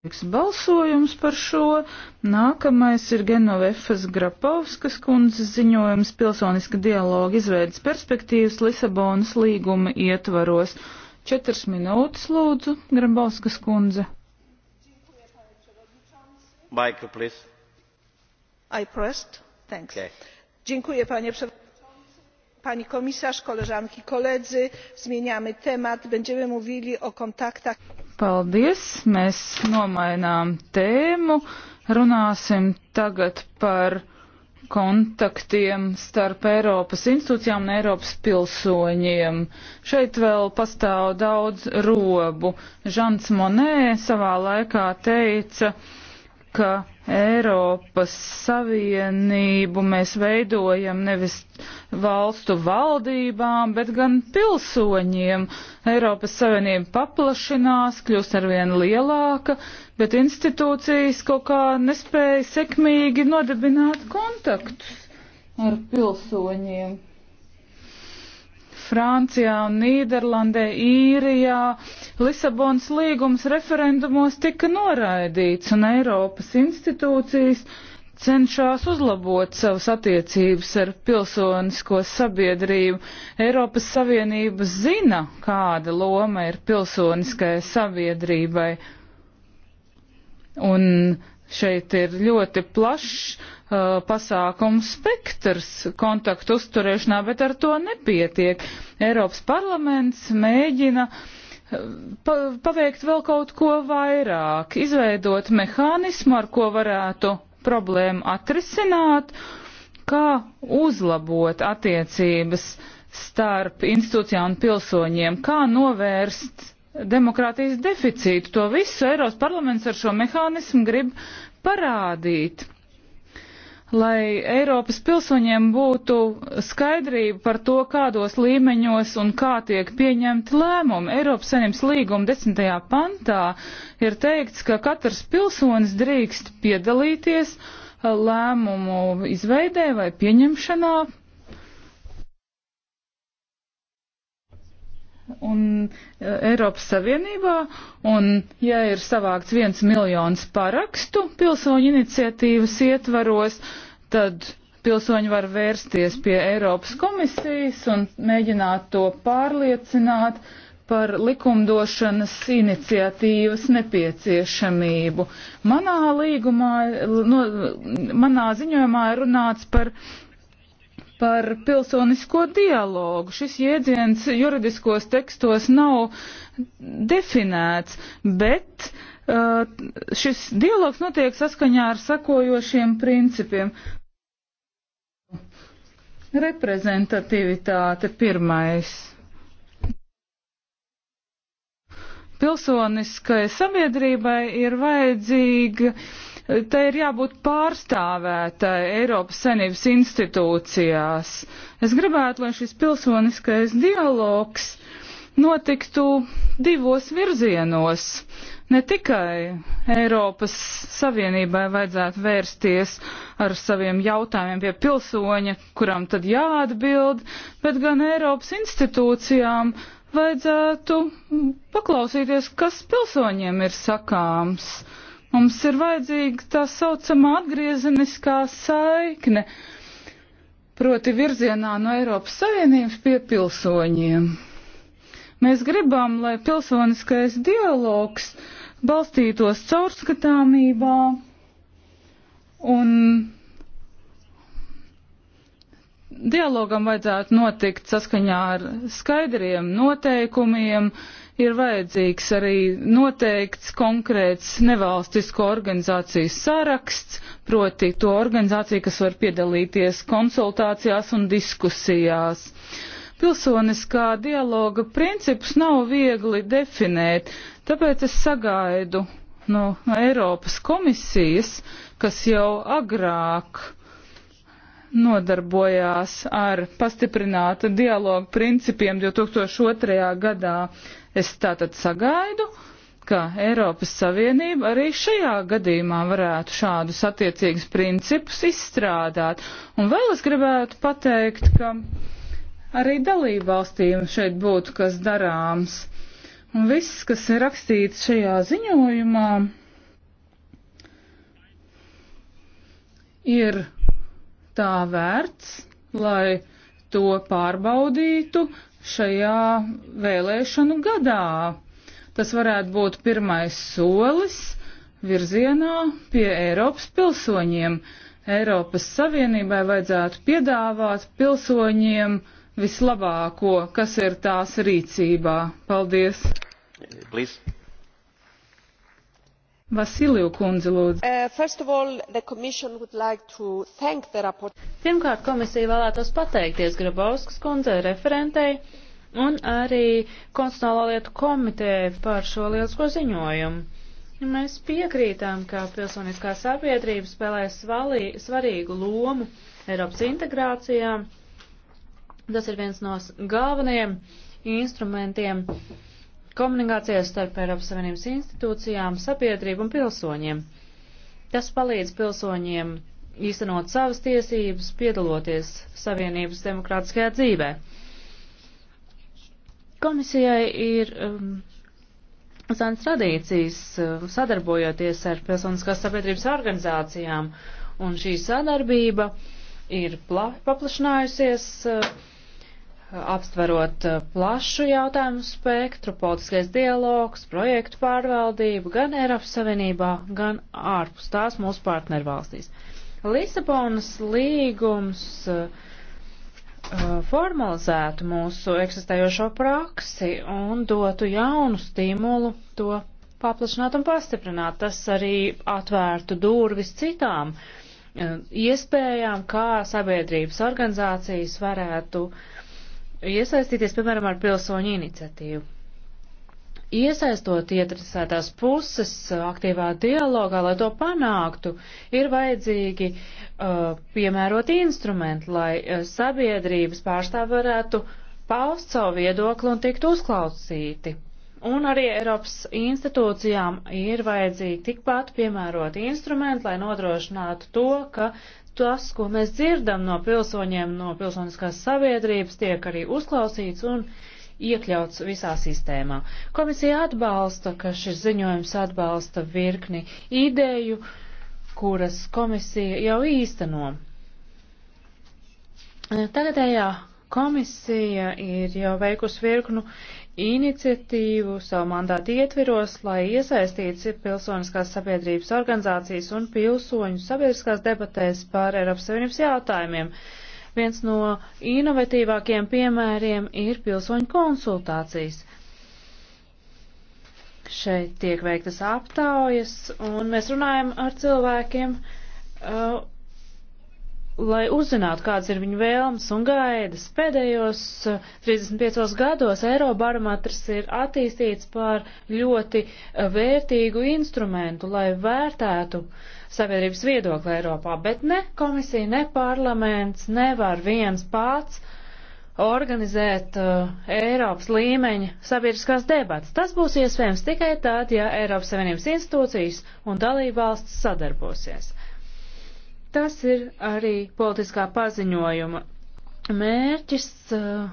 Tiks balsojums par šo. Nākamais ir Genovefas Grapovskas kundzes ziņojums pilsoniska dialoga izveidas perspektīvas Lisabonas līguma ietvaros. Četras minūtes lūdzu, Grapovskas kundze. Michael, please. I pressed. Thanks. Okay. Dziękuję, panie przewodniczący. Pani komisarz, koleżanki, koledzy, zmieniamy temat. Będziemy mówili o kontaktach. Paldies! Mēs nomainām tēmu. Runāsim tagad par kontaktiem starp Eiropas institūcijām un Eiropas pilsoņiem. Šeit vēl pastāv daudz robu. Žants Monē savā laikā teica, ka Eiropas Savienību mēs veidojam nevis valstu valdībām, bet gan pilsoņiem. Eiropas Savienība paplašinās, kļūst arvien lielāka, bet institūcijas kaut kā nespēja sekmīgi nodibināt kontaktus ar pilsoņiem. Francijā un Nīderlandē, Īrijā. Lisabonas līgums referendumos tika noraidīts un Eiropas institūcijas cenšas uzlabot savas attiecības ar pilsonisko sabiedrību. Eiropas Savienība zina, kāda loma ir pilsoniskajai sabiedrībai. Un Šeit ir ļoti plašs uh, pasākums spektrs kontaktu uzturēšanā, bet ar to nepietiek. Eiropas parlaments mēģina uh, pa paveikt vēl kaut ko vairāk, izveidot mehānismu, ar ko varētu problēmu atrisināt, kā uzlabot attiecības starp institūcijām un pilsoņiem, kā novērst demokrātijas deficītu. To visu Eiropas parlaments ar šo mehānismu grib parādīt. Lai Eiropas pilsoņiem būtu skaidrība par to, kādos līmeņos un kā tiek pieņemti lēmumi. Eiropas saņems līguma desmitajā pantā ir teikts, ka katrs pilsonis drīkst piedalīties lēmumu izveidē vai pieņemšanā un e, Eiropas Savienībā, un ja ir savākts viens miljons parakstu pilsoņu iniciatīvas ietvaros, tad pilsoņi var vērsties pie Eiropas komisijas un mēģināt to pārliecināt par likumdošanas iniciatīvas nepieciešamību. Manā līgumā, no, manā ziņojumā ir runāts par par pilsonisko dialogu. Šis jēdziens juridiskos tekstos nav definēts, bet uh, šis dialogs notiek saskaņā ar sakojošiem principiem. Reprezentativitāte pirmais. Pilsoniskai sabiedrībai ir vajadzīga uh, te ir jābūt pārstāvētai Eiropas Savienības institūcijās. Es gribētu, lai šis pilsoniskais dialogs notiktu divos virzienos. Ne tikai Eiropas Savienībai vajadzētu vērsties ar saviem jautājumiem pie pilsoņa, kuram tad jāatbild, bet gan Eiropas institūcijām vajadzētu paklausīties, kas pilsoņiem ir sakāms. Uh, Mums ir vajadzīga tā saucamā atgriezeniskā saikne, proti virzienā no Eiropas Savienības pie pilsoņiem. Mēs gribam, lai pilsoniskais dialogs balstītos caurskatāmībā un dialogam vajadzētu notikt saskaņā ar skaidriem noteikumiem, ir vajadzīgs arī noteikts konkrēts nevalstisko organizāciju saraksts, proti to organizāciju, kas var piedalīties konsultācijās un diskusijās. Pilsoniskā dialoga principus nav viegli definēt, tāpēc es sagaidu no Eiropas komisijas, kas jau agrāk nodarbojās ar pastiprināta dialogu principiem 2002. gadā. Es tātad sagaidu, ka Eiropas Savienība arī šajā gadījumā varētu šādus attiecīgus principus izstrādāt. Un vēl es gribētu pateikt, ka arī dalību valstīm šeit būtu kas darāms. Un viss, kas ir rakstīts šajā ziņojumā, ir tā vērts, lai to pārbaudītu šajā vēlēšanu gadā. Tas varētu būt pirmais solis virzienā pie Eiropas pilsoņiem. Eiropas Savienībai vajadzētu piedāvāt pilsoņiem vislabāko, kas ir tās rīcībā. Paldies! Please. Vasiliju kundzi lūdzu. Uh, like Pirmkārt, komisija vēlētos pateikties Grabauskas kundzei referentei un arī Konstitucionālā lietu komitē par šo lielisko ziņojumu. Mēs piekrītām, ka pilsoniskā sabiedrība spēlē svalī, svarīgu lomu Eiropas integrācijā. Tas ir viens no galvenajiem instrumentiem uh, komunikācijās starp Eiropas Savienības institūcijām, sabiedrību un pilsoņiem. Tas palīdz pilsoņiem īstenot savas tiesības, piedaloties Savienības demokrātiskajā dzīvē. Komisijai ir um, senas tradīcijas uh, sadarbojoties ar pilsoniskās sabiedrības organizācijām, un šī sadarbība ir paplašinājusies. Uh, aptverot eh, plašu jautājumu spektru, politiskais dialogs, projektu pārvaldību gan Eiropas Savienībā, gan ārpus tās mūsu partnervalstīs. Lisabonas līgums eh, eh, formalizētu mūsu eksistējošo praksi un dotu jaunu stimulu to paplašināt un pastiprināt. Tas arī atvērtu durvis citām iespējām, kā sabiedrības organizācijas varētu uh, iesaistīties, piemēram, ar pilsoņu iniciatīvu. Iesaistot ietrasētās puses uh, aktīvā dialogā, lai to panāktu, ir vajadzīgi uh, piemērot instrumenti, lai uh, sabiedrības pārstāv varētu paust savu viedokli un tikt uzklausīti. Un arī Eiropas institūcijām ir vajadzīgi tikpat piemērot instrumenti, lai nodrošinātu to, ka tas, ko mēs dzirdam no pilsoņiem, no pilsoniskās sabiedrības, tiek arī uzklausīts un iekļauts visā sistēmā. Komisija atbalsta, ka šis ziņojums atbalsta virkni ideju, kuras komisija jau īsteno. Tagadējā komisija ir jau veikusi virknu iniciatīvu savu mandātu ietviros, lai iesaistītu pilsoniskās sabiedrības organizācijas un pilsoņu sabiedriskās debatēs par Eiropas Savienības jautājumiem. Viens no inovatīvākiem piemēriem ir pilsoņu konsultācijas. Šeit tiek veiktas aptaujas, un mēs runājam ar cilvēkiem, uh, lai uzzinātu, kādas ir viņu vēlmes un gaidas. Pēdējos 35 eh, gados Eirobarometrs ir attīstīts par ļoti eh, vērtīgu instrumentu, lai vērtētu sabiedrības viedokli Eiropā, bet ne komisija, ne parlaments nevar viens pats organizēt uh, Eiropas līmeņa sabiedriskās debatas. Tas būs iespējams tikai tad, ja Eiropas Savienības institūcijas un dalībvalsts sadarbosies. Tas ir arī politiskā paziņojuma mērķis. Uh,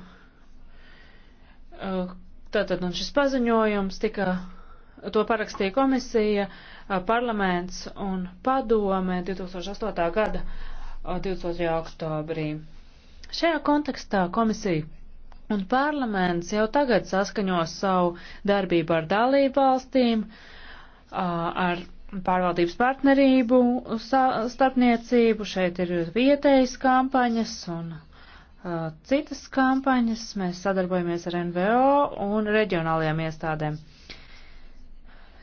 uh, tātad, un šis paziņojums tika, to parakstīja komisija, uh, parlaments un padome 2008. gada 22. oktobrī. Šajā kontekstā komisija un parlaments jau tagad saskaņo savu darbību ar dalību valstīm, ar pārvaldības partnerību starpniecību. Šeit ir vietējas kampaņas un uh, citas kampaņas. Mēs sadarbojamies ar NVO un reģionālajām iestādēm.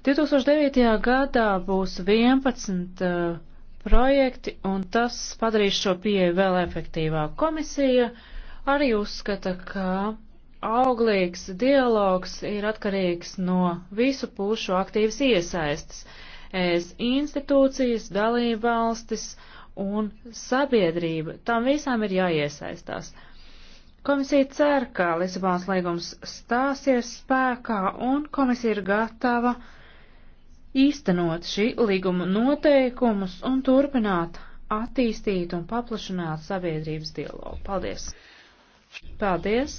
2009. gadā būs 11 uh, projekti, un tas padarīs šo pieeju vēl efektīvāku. Komisija arī uzskata, ka auglīgs dialogs ir atkarīgs no visu pušu aktīvas iesaistas. Uh, ES institūcijas, dalībvalstis un sabiedrība. Tam visām ir jāiesaistās. Komisija cer, ka Lisabonas līgums stāsies spēkā un komisija ir gatava īstenot šī līguma noteikumus un turpināt attīstīt un paplašināt sabiedrības dialogu. Paldies! Paldies!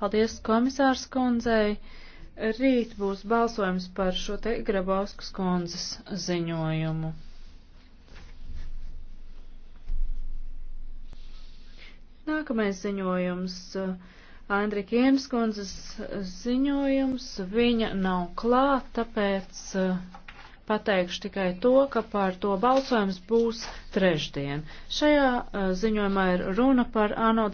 Paldies komisārs kundzei! Rīt būs balsojums par šo te Grabauskas kundzes ziņojumu. Nākamais ziņojums. Uh, Andrika Jēnas kundzes ziņojums. Viņa nav klāt, tāpēc uh, pateikšu tikai to, ka par to balsojums būs trešdien. Šajā uh, ziņojumā ir runa par ANO.